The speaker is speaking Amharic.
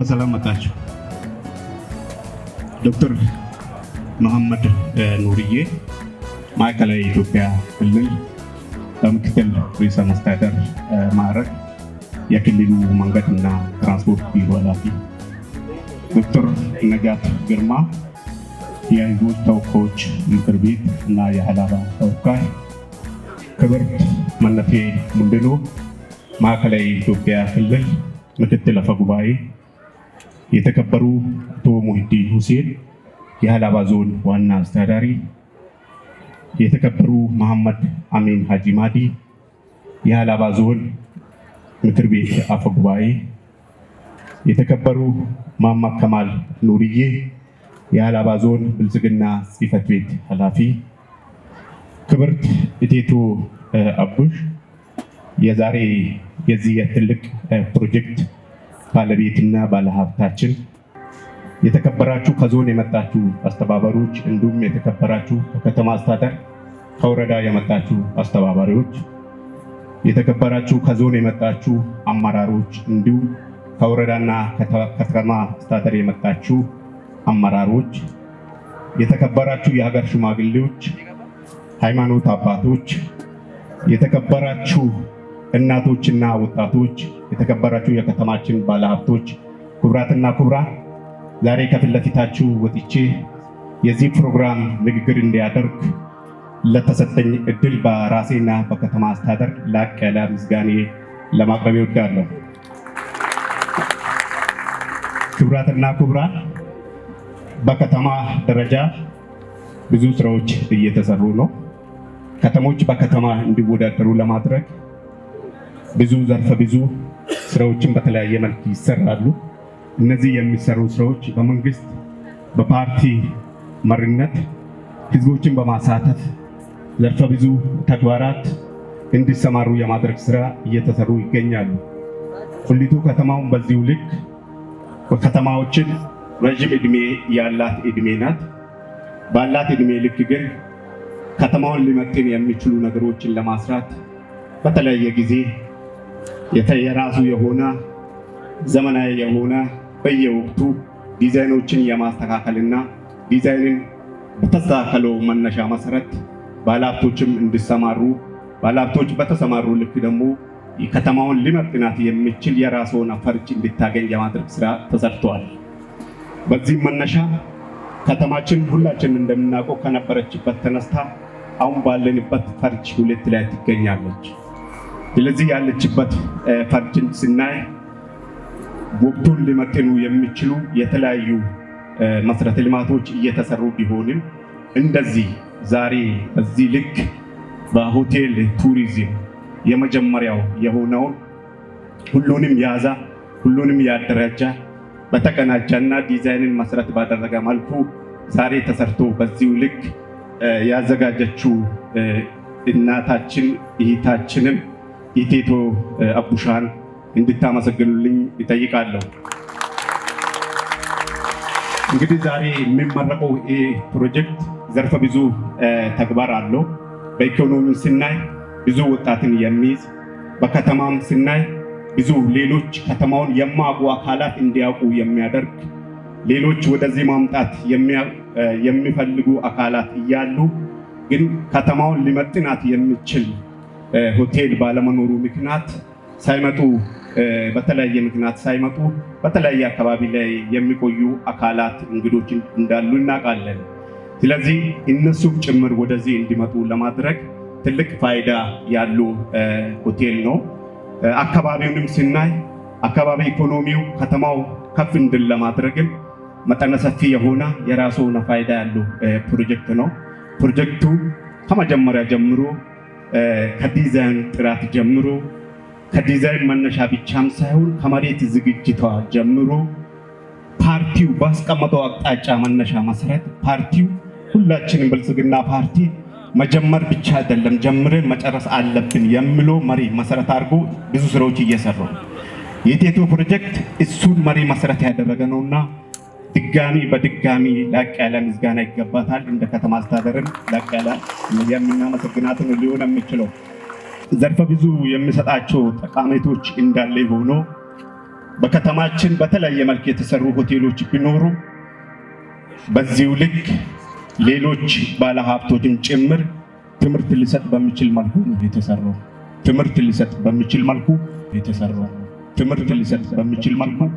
እንኳን በሰላም መጣችሁ። ዶክተር መሐመድ ኑርዬ ማዕከላዊ የኢትዮጵያ ክልል በምክትል ርዕሰ መስተዳደር ማዕረግ የክልሉ መንገድና ትራንስፖርት ቢሮ ኃላፊ፣ ዶክተር ነጋት ግርማ የህዝቦች ተወካዮች ምክር ቤት እና የሀላባ ተወካይ፣ ክብርት መነቴ ሙንድኖ ማዕከላዊ ኢትዮጵያ ክልል ምክትል አፈ ጉባኤ የተከበሩ አቶ ሙሂዲን ሁሴን የሀላባ ዞን ዋና አስተዳዳሪ፣ የተከበሩ መሐመድ አሚን ሀጂ ማዲ የሀላባ ዞን ምክር ቤት አፈ ጉባኤ፣ የተከበሩ ማማ ከማል ኑርዬ የሀላባ ዞን ብልጽግና ጽህፈት ቤት ኃላፊ፣ ክብርት እቴቶ አቡሽ የዛሬ የዚህ የትልቅ ፕሮጀክት ባለቤትና ባለሀብታችን፣ የተከበራችሁ ከዞን የመጣችሁ አስተባባሪዎች፣ እንዲሁም የተከበራችሁ ከከተማ አስተዳደር ከወረዳ የመጣችሁ አስተባባሪዎች፣ የተከበራችሁ ከዞን የመጣችሁ አመራሮች፣ እንዲሁም ከወረዳና ከተማ አስተዳደር የመጣችሁ አመራሮች፣ የተከበራችሁ የሀገር ሽማግሌዎች፣ ሃይማኖት አባቶች፣ የተከበራችሁ እናቶችና ወጣቶች፣ የተከበራችሁ የከተማችን ባለሀብቶች፣ ክቡራትና ክቡራን ዛሬ ከፊት ለፊታችሁ ወጥቼ የዚህ ፕሮግራም ንግግር እንዲያደርግ ለተሰጠኝ እድል በራሴና በከተማ አስተዳደር ላቅ ያለ ምስጋኔ ለማቅረብ ይወዳለሁ። ክቡራትና ክቡራን በከተማ ደረጃ ብዙ ስራዎች እየተሰሩ ነው። ከተሞች በከተማ እንዲወዳደሩ ለማድረግ ብዙ ዘርፈ ብዙ ስራዎችን በተለያየ መልክ ይሰራሉ። እነዚህ የሚሰሩ ስራዎች በመንግስት በፓርቲ መሪነት ህዝቦችን በማሳተፍ ዘርፈ ብዙ ተግባራት እንዲሰማሩ የማድረግ ስራ እየተሰሩ ይገኛሉ። ቁሊቱ ከተማውን በዚሁ ልክ ከተማዎችን ረዥም እድሜ ያላት እድሜ ናት። ባላት እድሜ ልክ ግን ከተማውን ሊመጥን የሚችሉ ነገሮችን ለማስራት በተለያየ ጊዜ የራሱ የሆነ ዘመናዊ የሆነ በየወቅቱ ዲዛይኖችን የማስተካከልና ዲዛይንን በተስተካከለው መነሻ መሰረት ባለሀብቶችም እንዲሰማሩ ባለሀብቶች በተሰማሩ ልክ ደግሞ ከተማውን ሊመጥናት የሚችል የራስዎን ፈርጅ እንድታገኝ የማድረግ ስራ ተሰርተዋል። በዚህም መነሻ ከተማችን ሁላችን እንደምናውቀው ከነበረችበት ተነስታ አሁን ባለንበት ፈርጅ ሁለት ላይ ትገኛለች። ስለዚህ ያለችበት ፈርጅን ስናይ ወቅቱን ሊመጥኑ የሚችሉ የተለያዩ መሰረተ ልማቶች እየተሰሩ ቢሆንም እንደዚህ ዛሬ በዚህ ልክ በሆቴል ቱሪዝም የመጀመሪያው የሆነውን ሁሉንም ያዛ ሁሉንም ያደራጃ በተቀናጃና ዲዛይንን መሰረት ባደረገ መልኩ ዛሬ ተሰርቶ በዚሁ ልክ ያዘጋጀችው እናታችን እህታችንም ኢቴቶ አቡሻን እንድታመሰግኑልኝ ይጠይቃለሁ። እንግዲህ ዛሬ የሚመረቀው ይህ ፕሮጀክት ዘርፈ ብዙ ተግባር አለው። በኢኮኖሚ ስናይ ብዙ ወጣትን የሚይዝ በከተማም ስናይ ብዙ ሌሎች ከተማውን የማያውቁ አካላት እንዲያውቁ የሚያደርግ ሌሎች ወደዚህ ማምጣት የሚፈልጉ አካላት እያሉ ግን ከተማውን ሊመጥናት የሚችል ሆቴል ባለመኖሩ ምክንያት ሳይመጡ በተለያየ ምክንያት ሳይመጡ በተለያየ አካባቢ ላይ የሚቆዩ አካላት እንግዶች እንዳሉ እናውቃለን። ስለዚህ እነሱ ጭምር ወደዚህ እንዲመጡ ለማድረግ ትልቅ ፋይዳ ያሉ ሆቴል ነው። አካባቢውንም ስናይ አካባቢ ኢኮኖሚው ከተማው ከፍ እንድል ለማድረግም መጠነ ሰፊ የሆነ የራሱ ፋይዳ ያለው ፕሮጀክት ነው። ፕሮጀክቱ ከመጀመሪያ ጀምሮ ከዲዛይን ጥራት ጀምሮ ከዲዛይን መነሻ ብቻም ሳይሆን ከመሬት ዝግጅቷ ጀምሮ ፓርቲው ባስቀመጠው አቅጣጫ መነሻ መሰረት ፓርቲው ሁላችንም ብልጽግና ፓርቲ መጀመር ብቻ አይደለም ጀምረን መጨረስ አለብን የሚለው መሪ መሰረት አድርጎ ብዙ ስራዎች እየሰሩ የቴቶ ፕሮጀክት እሱን መሪ መሰረት ያደረገ ነውና ድጋሚ በድጋሚ ላቅ ያለ ምስጋና ይገባታል። እንደ ከተማ አስተዳደርም ላቅ ያለ የምናመሰግናትን ሊሆን የምችለው ዘርፈ ብዙ የሚሰጣቸው ጠቃሜቶች እንዳለ ሆኖ በከተማችን በተለያየ መልክ የተሰሩ ሆቴሎች ቢኖሩ በዚሁ ልክ ሌሎች ባለሀብቶችን ጭምር ትምህርት ሊሰጥ በሚችል መልኩ የተሰራው ትምህርት ሊሰጥ በሚችል መልኩ የተሰራው ትምህርት ሊሰጥ በሚችል መልኩ